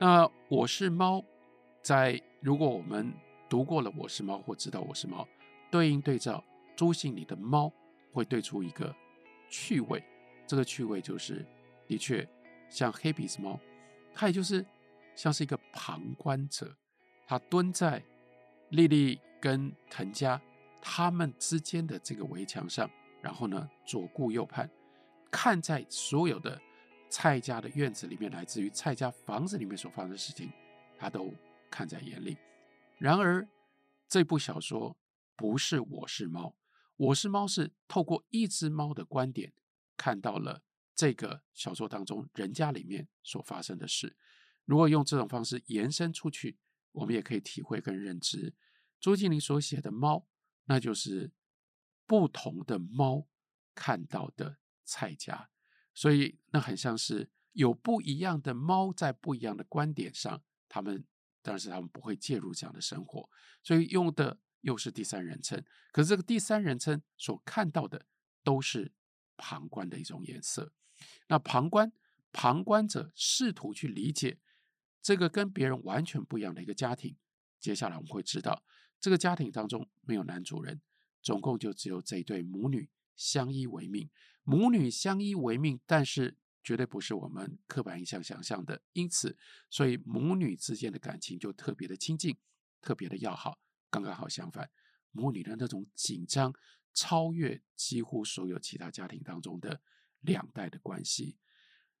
那我是貓，在如果我們讀過了我是貓，或知道我是貓，對應對照《朱西甯》裡的貓，會對出一個趣味。這個趣味就是，的確像黑鼻子貓，它也就是像是一個旁觀者，它蹲在莉莉跟藤家他們之間的這個圍牆上，然後呢左顧右盼，看在所有的。蔡家的院子裡面，來自於蔡家房子裡面所發生的事情，他都看在眼裡。然而，這部小說不是《我是貓》，《我是貓》是透過一隻貓的觀點看到了這個小說當中人家裡面所發生的事。如果用這種方式延伸出去，我們也可以體會跟認知朱西甯所寫的貓，那就是不同的貓看到的蔡家。所以，那很像是有不一樣的貓在不一樣的觀點上，他們，但是他們不會介入這樣的生活，所以用的又是第三人稱。可是這個第三人稱所看到的都是旁觀的一種顏色。那旁觀，旁觀者試圖去理解這個跟別人完全不一樣的一個家庭。接下來我們會知道，這個家庭當中沒有男主人，總共就只有這一對母女相依為命。母女相依為命，但是絕對不是我們刻板印象想象的，因此，所以母女之間的感情就特別的親近，特別的要好，剛剛好相反，母女的那種緊張超越幾乎所有其他家庭當中的兩代的關係。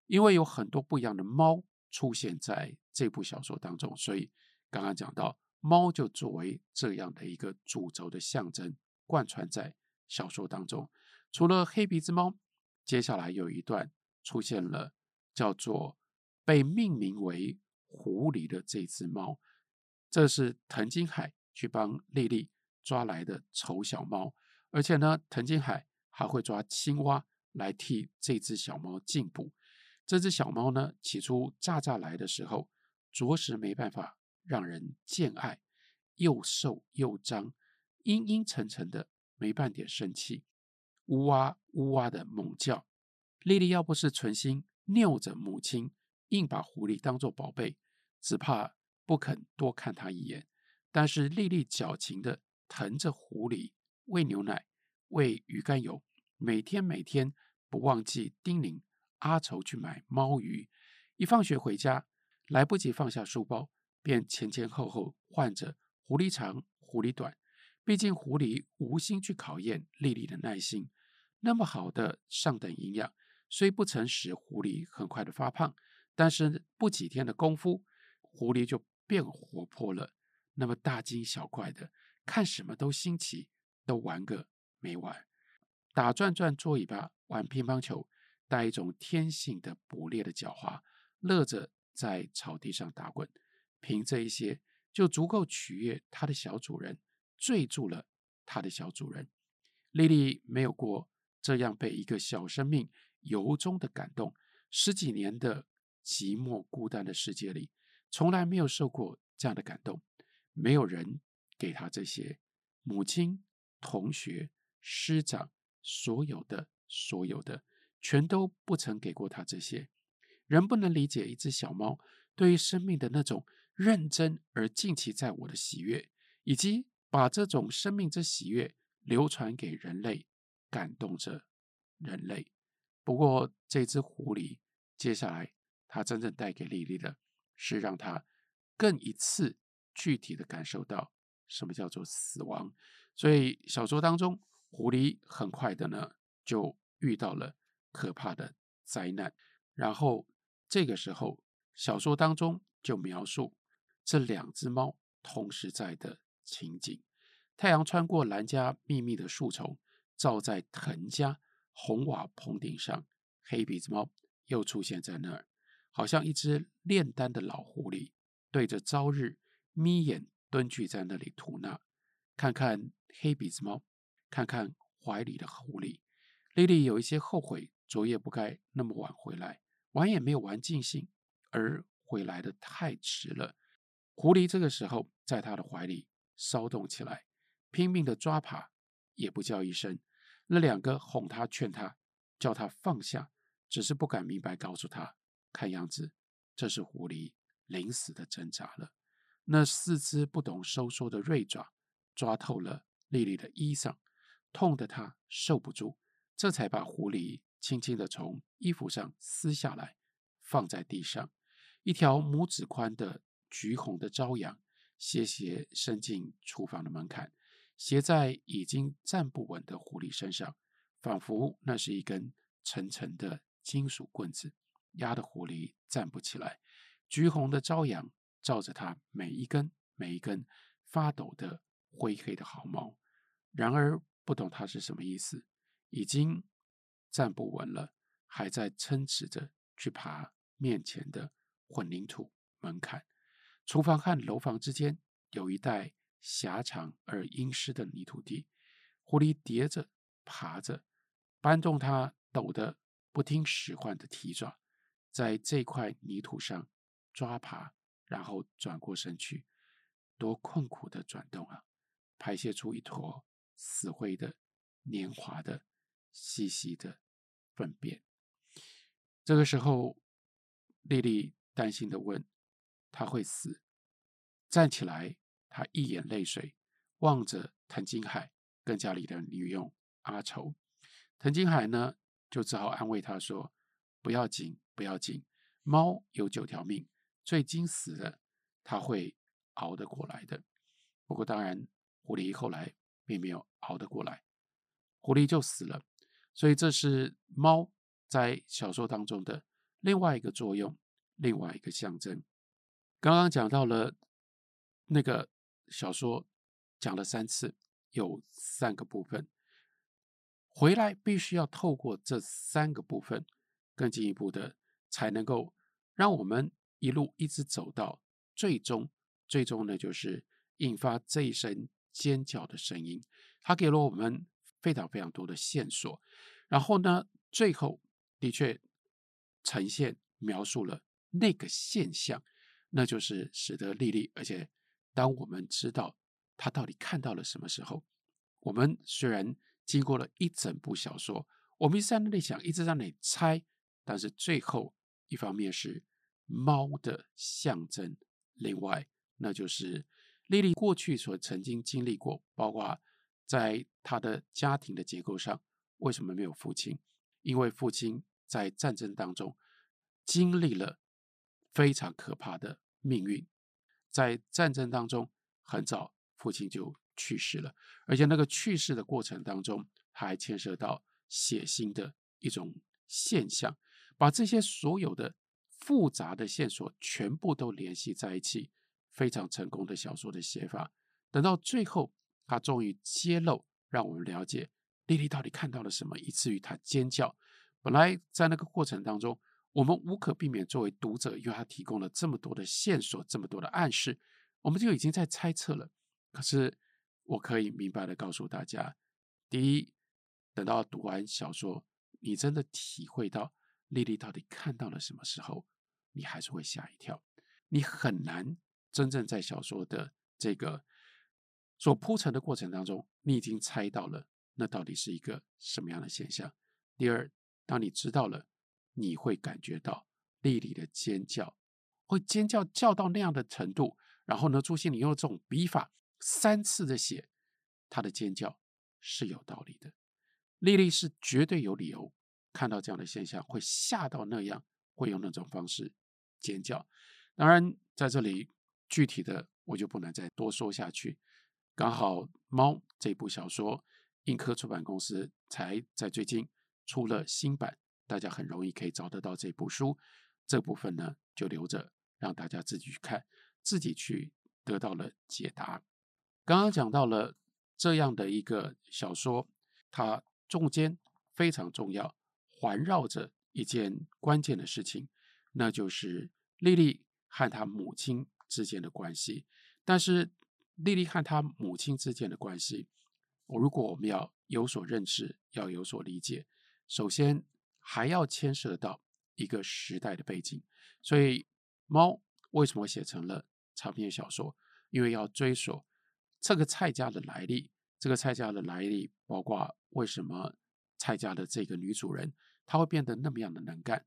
因為有很多不一樣的貓出現在這部小說當中，所以剛剛講到貓就作為這樣的一個主軸的象徵，貫穿在小說當中。除了黑鼻子貓，接下來有一段出現了，叫做被命名為狐狸的這隻貓。這是藤金海去幫莉莉抓來的醜小貓，而且呢，藤金海還會抓青蛙來替這隻小貓進補。這隻小貓呢，起初乍乍來的時候，着實沒辦法讓人見愛，又瘦又髒，陰陰沉沉的，沒半點生氣。嗚哇嗚哇的猛叫，麗麗要不是存心拗着母親，硬把狐狸當做寶貝，只怕不肯多看它一眼。但是麗麗矯情的，疼着狐狸，餵牛奶，餵魚肝油，每天每天不忘記叮嚀阿愁去買貓魚。一放學回家，來不及放下書包，便前前後後喚着狐狸長狐狸短。畢竟狐狸無心去考驗麗麗的耐心。那麼好的上等營養，雖不曾使狐狸很快的發胖，但是不幾天的功夫，狐狸就變活潑了。那麼大驚小怪的，看什麼都新奇，都玩個沒完，打轉轉、捉尾巴、玩乒乓球，帶一種天性的捕獵的狡猾，樂着在草地上打滾。憑這一些，就足夠取悅他的小主人，墜住了他的小主人。莉莉沒有過，這樣被一個小生命由衷的感動，十幾年的寂寞孤單的世界裡，從來沒有受過這樣的感動。沒有人給他這些，母親、同學、師長，所有的、所有的，全都不曾給過他這些。人不能理解一隻小貓對於生命的那種認真而盡其在我的喜悅，以及把這種生命之喜悅流傳給人類。感動着人類。不過，這只狐狸接下來，它真正帶給莉莉的是，讓她更一次具體的感受到什麼叫做死亡。所以，小說當中，狐狸很快的呢，就遇到了可怕的災難。然後，這個時候，小說當中就描述這兩只貓同時在的情景：太陽穿過蘭家秘密的樹叢。照在藤家紅瓦棚頂上，黑鼻子貓又出現在那兒，好像一隻煉丹的老狐狸，對着朝日眯眼蹲踞在那裡吐納，看看黑鼻子貓，看看懷裡的狐狸。莉莉有一些後悔昨夜不該那麼晚回來，玩也沒有玩盡興，而回來的太遲了。狐狸這個時候在他的懷裡騷動起來，拼命地抓爬，也不叫一聲。那兩個哄他、勸他、叫他放下，只是不敢明白告訴他。看樣子，這是狐狸臨死的掙扎了。那四隻不懂收縮的銳爪抓透了麗麗的衣裳，痛得她受不住，這才把狐狸輕輕的從衣服上撕下來，放在地上。一條拇指寬的橘紅的朝陽，斜斜伸進廚房的門檻。斜在已經站不穩的狐狸身上，仿佛那是一根沉沉的金屬棍子，壓得狐狸站不起來。橘紅的朝陽照着它每一根每一根發抖的灰黑的毫毛。然而不懂它是什麼意思，已經站不穩了，還在撐持着去爬面前的混凝土門檻。廚房和樓房之間有一帶。狹長而陰濕的泥土地，狐狸疊着爬着，搬動它抖得不聽使喚的蹄爪，在這塊泥土上抓爬，然後轉過身去，多困苦的轉動啊！排泄出一坨死灰的黏滑的細細的糞便。這個時候，莉莉擔心地問：“他會死？”站起來。他一眼淚水，望着藤金海跟家裡的女傭阿愁。藤金海呢，就只好安慰他說：“不要緊，不要緊，貓有九條命，最禁死的，它會熬得過來的。”不過，當然，狐狸後來並沒有熬得過來，狐狸就死了。所以，這是貓在小說當中的另外一個作用，另外一個象徵。剛剛講到了那個。小說講了三次，有三個部分，回來必須要透過這三個部分，更進一步的才能夠讓我們一路一直走到最終，最終呢，就是引發這一聲尖叫的聲音。他給了我們非常非常多的線索，然後呢，最後的確呈現描述了那個現象，那就是使得莉莉，而且。當我們知道他到底看到了什麼時候，我們雖然經過了一整部小說，我們一直在那裡想，一直在那裡猜，但是最後一方面是貓的象徵，另外那就是莉莉過去所曾經經歷過，包括在她的家庭的結構上，為什麼沒有父親？因為父親在戰爭當中經歷了非常可怕的命運。在戰爭當中，很早父親就去世了，而且那個去世的過程當中，他還牽涉到血腥的一種現象，把這些所有的複雜的線索全部都聯繫在一起，非常成功的小說的寫法。等到最後，他終於揭露，讓我們了解莉莉到底看到了什麼，以至於她尖叫。本來在那個過程當中。我們無可避免作為讀者，因為他提供了這麼多的線索，這麼多的暗示，我們就已經在猜測了。可是我可以明白的告訴大家，第一，等到讀完小說，你真的體會到莉莉到底看到了什麼時候，你還是會嚇一跳。你很難真正在小說的這個所鋪陳的過程當中，你已經猜到了那到底是一個什麼樣的現象。第二，當你知道了。你會感覺到麗麗的尖叫，會尖叫叫到那樣的程度。然後呢，朱西甯用這種筆法三次的寫她的尖叫是有道理的。麗麗是絕對有理由看到這樣的現象，會嚇到那樣，會用那種方式尖叫。當然，在這裡具體的我就不能再多說下去。剛好《貓》這部小說，印刻出版公司才在最近出了新版。大家很容易可以找得到這部書，這部分呢，就留着讓大家自己去看，自己去得到了解答。剛剛講到了這樣的一個小說，它中間非常重要，環繞着一件關鍵的事情，那就是莉莉和她母親之間的關係。但是，莉莉和她母親之間的關係，如果我們要有所認識，要有所理解，首先。還要牽涉到一個時代的背景，所以《貓》為什麼寫成了長篇小說？因為要追溯這個蔡家的來歷，這個蔡家的來歷，包括為什麼蔡家的這個女主人她會變得那麼樣的能幹，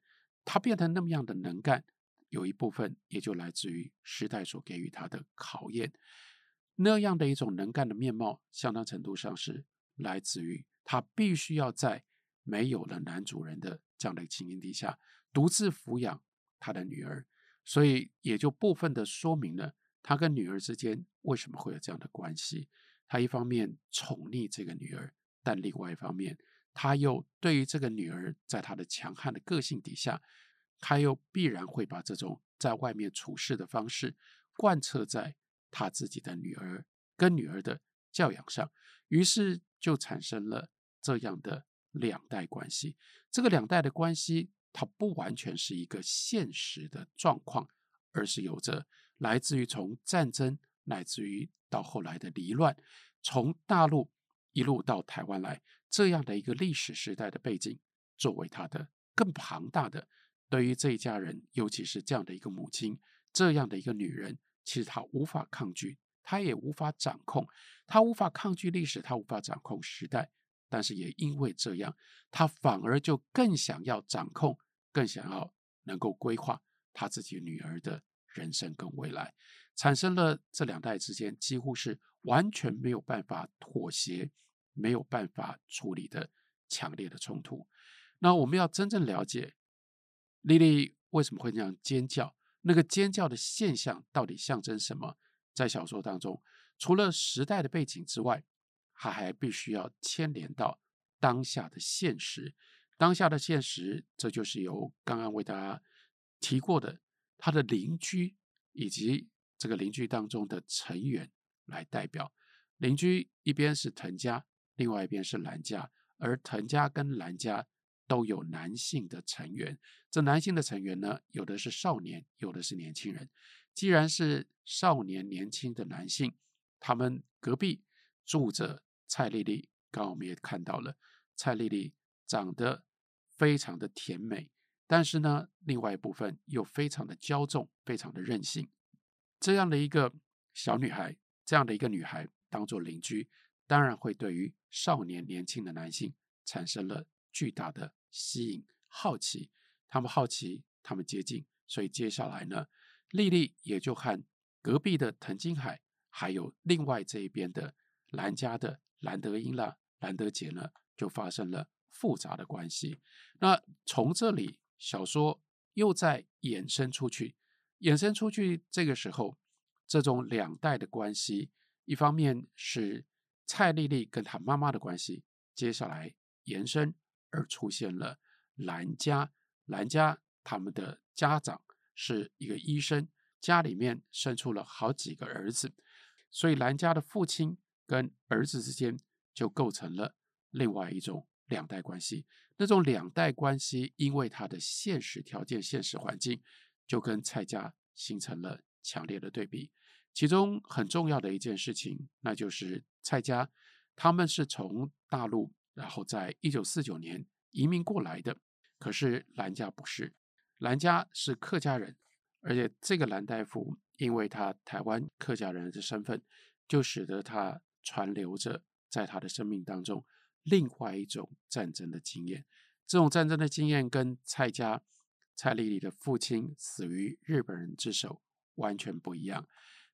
她變得那麼樣的能幹，有一部分也就來自於時代所給予她的考驗。那樣的一種能幹的面貌，相當程度上是來自於她必須要在。沒有了男主人的這樣的情形底下，獨自撫養他的女兒，所以也就部分的說明了他跟女兒之間為什麼會有這樣的關係。他一方面寵溺這個女兒，但另外一方面，他又對於這個女兒，在他的強悍的個性底下，他又必然會把這種在外面處事的方式貫徹在他自己的女兒跟女兒的教養上，於是就產生了這樣的。兩代關係，這個兩代的關係，它不完全是一個現實的狀況，而是有着來自於從戰爭，乃至於到後來的離亂，從大陸一路到台灣來，這樣的一個歷史時代的背景，作為他的更龐大的，對於這一家人，尤其是這樣的一個母親，這樣的一個女人，其實她無法抗拒，她也無法掌控，她無法抗拒歷史，她無法掌控時代。但是也因為這樣，他反而就更想要掌控，更想要能夠規劃他自己女兒的人生跟未來，產生了這兩代之間幾乎是完全沒有辦法妥協、沒有辦法處理的強烈的衝突。那我們要真正了解莉莉為什麼會那樣尖叫，那個尖叫的現象到底象徵什麼？在小說當中，除了時代的背景之外。他還必須要牽連到當下的現實，當下的現實，這就是由剛剛為大家提過的他的鄰居以及這個鄰居當中的成員來代表。鄰居一邊是藤家，另外一邊是蘭家，而藤家跟蘭家都有男性的成員。這男性的成員呢，有的是少年，有的是年輕人。既然是少年、年輕的男性，他們隔壁住着。蔡麗麗，剛剛我們也看到了，蔡麗麗長得非常的甜美，但是呢，另外一部分又非常的驕縱，非常的任性。這樣的一個小女孩，這樣的一個女孩，當做鄰居，當然會對於少年年輕的男性產生了巨大的吸引、好奇。他們好奇，他們接近，所以接下來呢，麗麗也就和隔壁的藤金海，還有另外這一邊的蘭家的。蘭德英了，蘭德杰呢，就發生了複雜的關係。那從這裡，小說又在衍生出去，衍生出去。這個時候，這種兩代的關係，一方面是蔡麗麗跟她媽媽的關係，接下來延伸而出現了蘭家。蘭家他們的家長是一個醫生，家裡面生出了好幾個兒子，所以蘭家的父親。跟兒子之間就構成了另外一種兩代關係，那種兩代關係，因為他的現實條件、現實環境，就跟蔡家形成了強烈的對比。其中很重要的一件事情，那就是蔡家他們是從大陸，然後在一九四九年移民過來的，可是藍家不是，藍家是客家人，而且這個藍大夫，因為他台灣客家人的身份，就使得他。傳留着在他的生命當中，另外一種戰爭的經驗。這種戰爭的經驗跟蔡家蔡麗麗的父親死於日本人之手完全不一樣。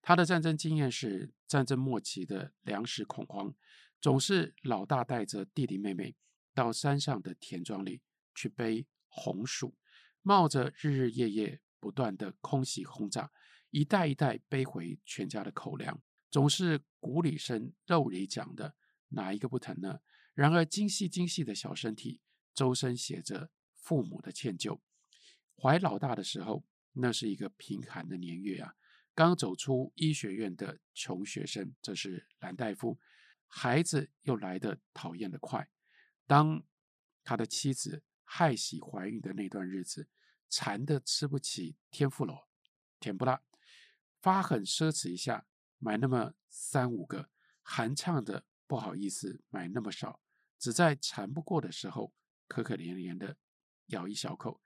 他的戰爭經驗是戰爭末期的糧食恐慌，總是老大帶着弟弟妹妹到山上的田莊裡去背紅薯，冒着日日夜夜不斷的空襲轟炸，一袋一袋背回全家的口糧。總是骨裡生肉裡長的，哪一個不疼呢？然而，精細精細的小身體，周身寫着父母的歉疚。懷老大的時候，那是一個貧寒的年月啊。剛走出醫學院的窮學生，這是蘭大夫。孩子又來得討厭得快。當他的妻子害喜懷孕的那段日子，饞得吃不起天婦羅，甜不辣，發狠奢侈一下。買那麼三五個，寒傖得不好意思買那麼少，只在饞不過的時候，可可憐憐的咬一小口，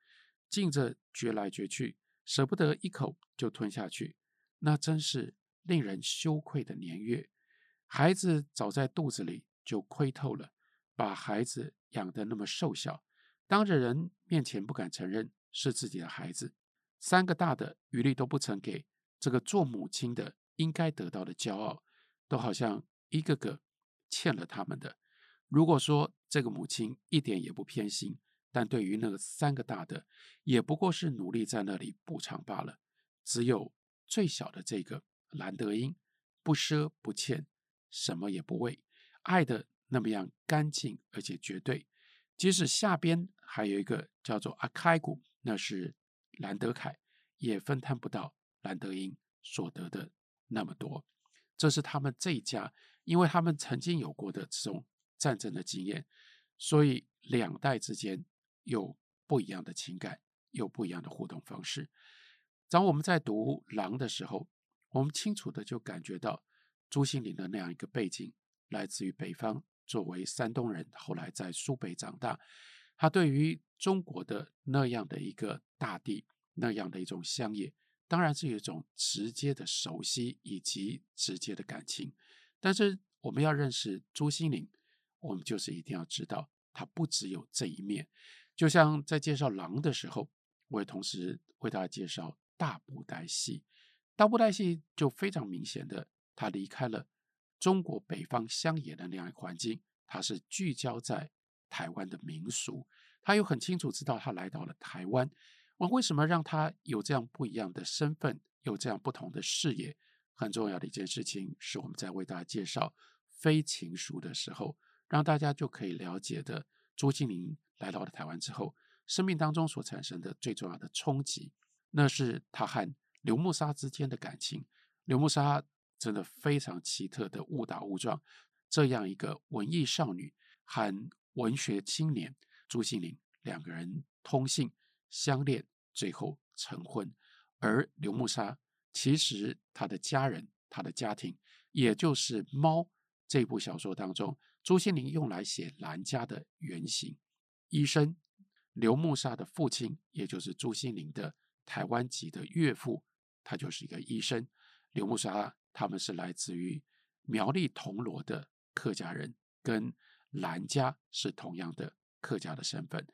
盡着嚼來嚼去，舍不得一口就吞下去，那真是令人羞愧的年月。孩子早在肚子裡就虧透了，把孩子養得那麼瘦小，當着人面前不敢承認是自己的孩子，三個大的餘力都不曾給這個做母親的。應該得到的驕傲，都好像一個個欠了他們的。如果說這個母親一點也不偏心，但對於那三個大的，也不過是努力在那裡補償罷了。只有最小的這個蘭德英，不奢不欠，什麼也不為，愛的那麼樣乾淨而且絕對。即使下邊還有一個叫做阿開古，那是蘭德凱，也分攤不到蘭德英所得的。那麼多。這是他們這一家，因為他們曾經有過的這種戰爭的經驗，所以兩代之間有不一樣的情感，有不一樣的互動方式。當我們在讀《狼》的時候，我們清楚地就感覺到朱西甯的那樣一個背景，來自於北方，作為山東人，後來在蘇北長大，他對於中國的那樣的一個大地，那樣的一種鄉野。當然是一種直接的熟悉以及直接的感情，但是我們要認識朱西甯，我們就是一定要知道她不只有這一面。就像在介紹狼的時候，我也同時為大家介紹大布袋戲。大布袋戲就非常明顯的，他離開了中國北方鄉野的那樣環境，他是聚焦在台灣的民俗。他又很清楚知道他來到了台灣。我為什麼讓他有這樣不一樣的身份，有這樣不同的視野？很重要的一件事情是，我們在為大家介紹《非情書》的時候，讓大家就可以了解的。朱西甯來到了台灣之後，生命當中所產生的最重要的衝擊，那是他和劉慕沙之間的感情。劉慕沙真的非常奇特的誤打誤撞，這樣一個文藝少女和文學青年朱西甯，兩個人通信、相戀。最後成婚，而劉慕沙其實他的家人，他的家庭，也就是《貓》這部小說當中，朱西甯用來寫蘭家的原型。醫生劉慕沙的父親，也就是朱西甯的台灣籍的岳父，他就是一個醫生。劉慕沙他們是來自於苗栗銅鑼的客家人，跟蘭家是同樣的客家的身份，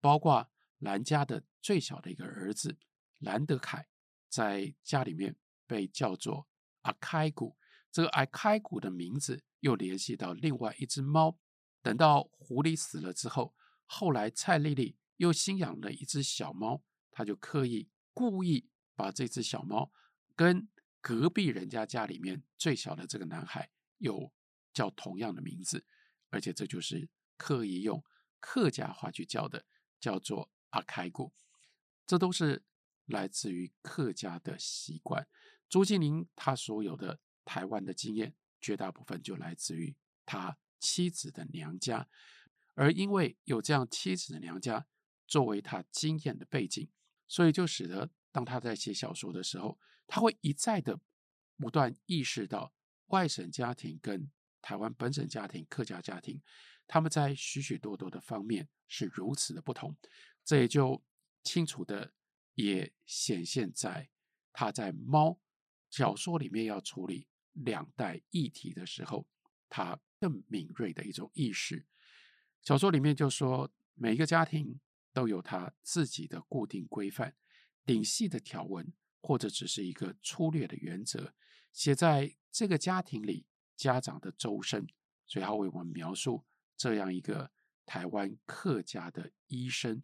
包括。蘭家的最小的一個兒子蘭德凱，在家裡面被叫做阿開古。這個阿開古的名字又聯繫到另外一隻貓。等到狐狸死了之後，後來蔡麗麗又新養了一隻小貓，她就刻意故意把這隻小貓跟隔壁人家家裡面最小的這個男孩又叫同樣的名字，而且這就是刻意用客家話去叫的，叫做。他開過，這都是來自於客家的習慣。朱西甯他所有的台灣的經驗，絕大部分就來自於他妻子的娘家。而因為有這樣妻子的娘家作為他經驗的背景，所以就使得當他在寫小說的時候，他會一再的不斷意識到外省家庭跟台灣本省家庭、客家家庭，他們在許許多多的方面是如此的不同。這也就清楚的也顯現在他在貓小說裡面要處理兩代議題的時候，他更敏銳的一種意識。小說裡面就說，每一個家庭都有他自己的固定規範、頂細的條文，或者只是一個粗略的原則，寫在這個家庭裡家長的周身。所以，他為我們描述這樣一個台灣客家的醫生。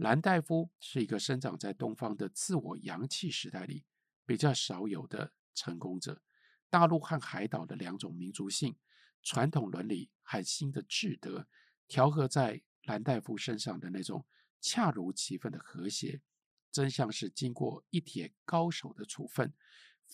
蘭大夫是一個生長在東方的自我陽氣時代裡比較少有的成功者。大陸和海島的兩種民族性、傳統倫理和新的智德調和在蘭大夫身上的那種恰如其分的和諧，真像是經過一鐵高手的處分，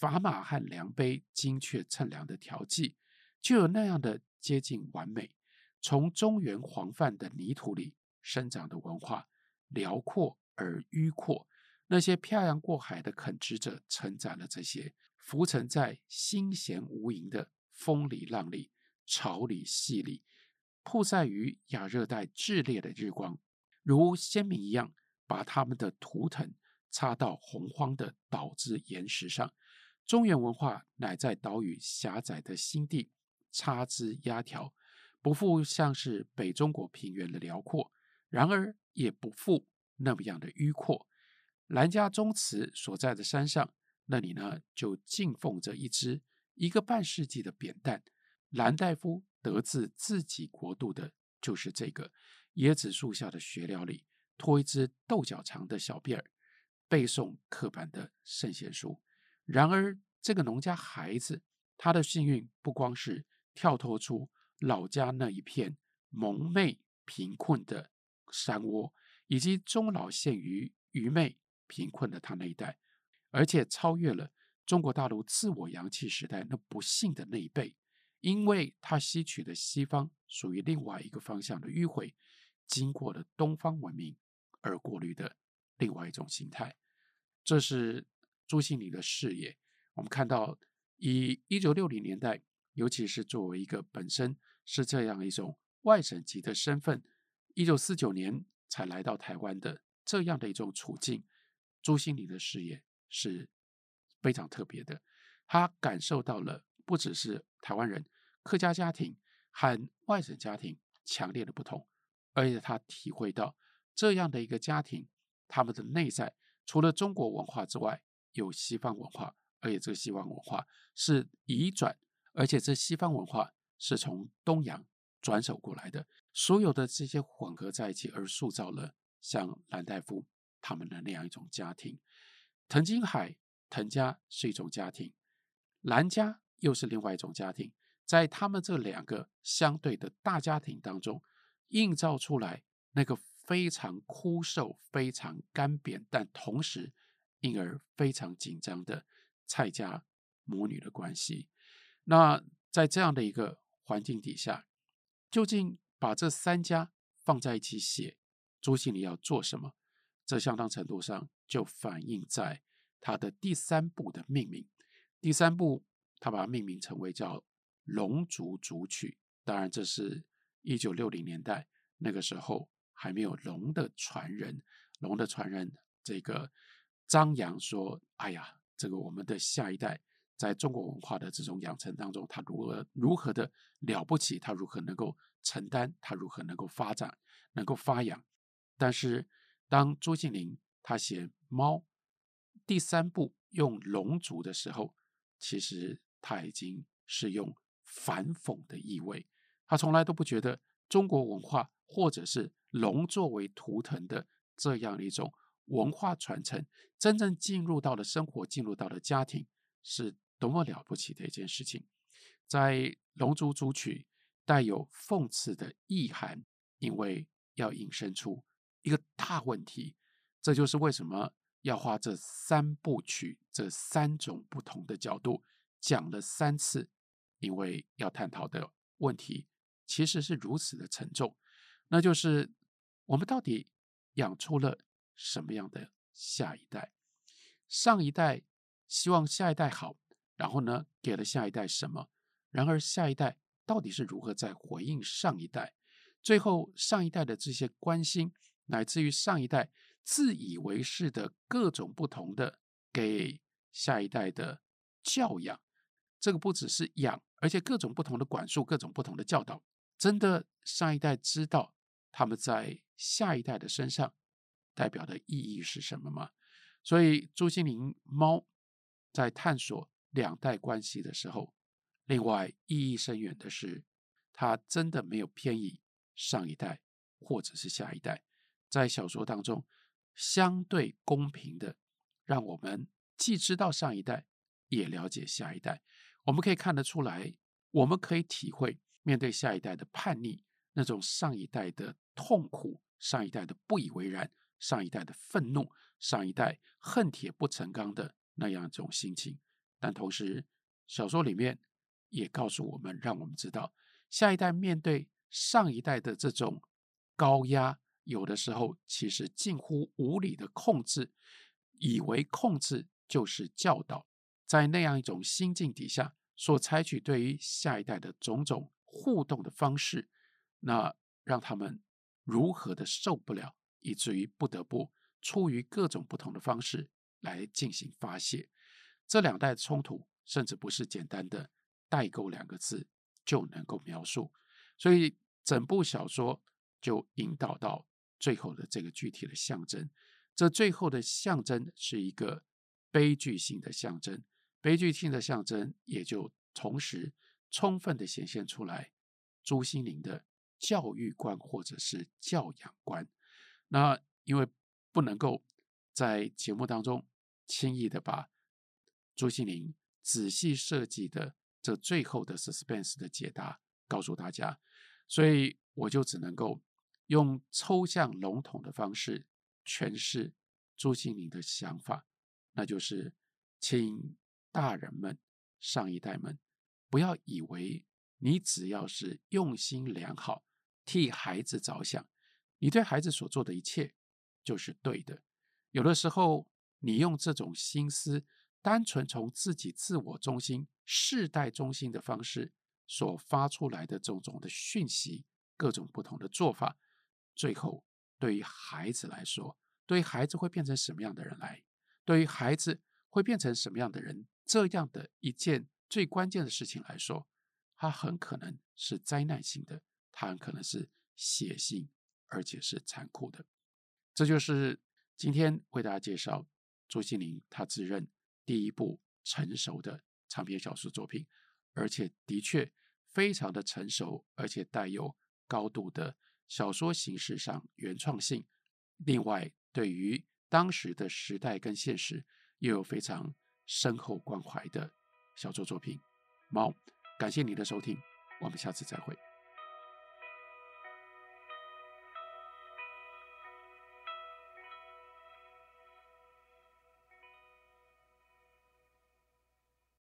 砝碼和量杯精確稱量的調劑，就有那樣的接近完美。從中原黃泛的泥土裡生長的文化，遼闊而迂闊，那些漂洋過海的墾殖者承載了這些，浮沉在心弦無垠的風裡浪裡潮裡汐裡，曝曬於亞熱帶熾烈的日光，如先民一樣把他們的圖騰插到洪荒的島之岩石上。中原文化乃在島嶼狹窄的心地插枝壓條，不復像是北中國平原的遼闊。然而。也不復那麼樣的迂闊。蘭家宗祠所在的山上，那裡呢，就敬奉着一隻一個半世紀的扁擔。蘭大夫得自自己國度的，就是這個椰子樹下的學寮裡，拖一隻豆角長的小辮兒，背誦刻板的聖賢書。然而，這個農家孩子，他的幸運不光是跳脫出老家那一片蒙昧貧困的。山窩，以及終老陷於愚昧貧困的他那一代，而且超越了中國大陸自我揚棄時代那不幸的那一輩，因為他吸取了西方屬於另外一個方向的迂回，經過了東方文明而過濾的另外一種形態。這是朱西甯的視野。我們看到，以一九六零年代，尤其是作為一個本身是這樣一種外省籍的身份。一九四九年才來到台灣的這樣的一種處境，朱西甯的視野是非常特別的。他感受到了不只是台灣人客家家庭和外省家庭強烈的不同，而且他體會到這樣的一個家庭，他們的內在除了中國文化之外，有西方文化，而且這個西方文化是移轉，而且這西方文化是從東洋。轉手過來的，所有的這些混合在一起，而塑造了像蘭大夫他們的那樣一種家庭。藤井海藤家是一種家庭，蘭家又是另外一種家庭。在他們這兩個相對的大家庭當中，映照出來那個非常枯瘦、非常乾癟，但同時因而非常緊張的蔡家母女的關係。那在這樣的一個環境底下。究竟把這三家放在一起寫，朱西甯要做什麼？這相當程度上就反映在他的第三部的命名。第三部他把它命名成為叫《龍族族曲》。當然，這是一九六零年代那個時候還沒有龍的傳人《龍的傳人》。《龍的傳人》這個張揚說：“哎呀，這個我們的下一代。”在中國文化的這種養成當中，他如何如何的了不起？他如何能夠承擔？他如何能夠發展？能夠發揚？但是當朱西甯他寫《貓》第三部用龍族的時候，其實他已經是用反諷的意味。他從來都不覺得中國文化或者是龍作為圖騰的這樣一種文化傳承，真正進入到了生活，進入到了家庭，是。多麼了不起的一件事情，在《龍族》組曲帶有諷刺的意涵。因為要引申出一個大問題，這就是為什麼要花這三部曲，這三種不同的角度講了三次，因為要探討的問題其實是如此的沉重，那就是我們到底養出了什麼樣的下一代？上一代希望下一代好，然後呢，給了下一代什麼？然而，下一代到底是如何在回應上一代？最後，上一代的這些關心，乃至於上一代自以為是的各種不同的給下一代的教養，這個不只是養，而且各種不同的管束，各種不同的教導，真的上一代知道他們在下一代的身上代表的意義是什麼嗎？所以，朱西甯貓在探索，兩代關係的時候，另外意義深遠的是，他真的沒有偏移上一代或者是下一代，在小說當中相對公平的，讓我們既知道上一代，也了解下一代。我們可以看得出來，我們可以體會面對下一代的叛逆，那種上一代的痛苦，上一代的不以為然，上一代的憤怒，上一代恨鐵不成鋼的那樣一種心情。但同時，小說裡面也告訴我們，讓我們知道，下一代面對上一代的這種高壓，有的時候其實近乎無理的控制，以為控制就是教導，在那樣一種心境底下所採取對於下一代的種種互動的方式，那讓他們如何的受不了，以至於不得不出於各種不同的方式來進行發洩。這兩代衝突，甚至不是簡單的“代溝”兩個字就能夠描述，所以整部小說就引導到最後的這個具體的象徵。這最後的象徵是一個悲劇性的象徵，悲劇性的象徵也就同時充分的顯現出來。朱西甯的教育觀或者是教養觀，那因為不能夠在節目當中輕易的把。朱西甯仔細設計的這最後的 suspense 的解答告訴大家，所以我就只能夠用抽象籠統的方式詮釋朱西甯的想法，那就是，請大人們、上一代們不要以為你只要是用心良好，替孩子着想，你對孩子所做的一切就是對的。有的時候，你用這種心思。單純從自己自我中心、世代中心的方式所發出來的種種的訊息、各種不同的做法，最後對於孩子來說，對於孩子會變成什麼樣的人來，對於孩子會變成什麼樣的人這樣的一件最關鍵的事情來說，它很可能是災難性的，它很可能是血腥而且是殘酷的。這就是今天為大家介紹朱西甯，他自認。第一部成熟的長篇小說作品，而且的確非常的成熟，而且帶有高度的小說形式上原創性。另外，對於當時的時代跟現實，又有非常深厚關懷的小說作品。貓，感謝你的收聽，我們下次再會。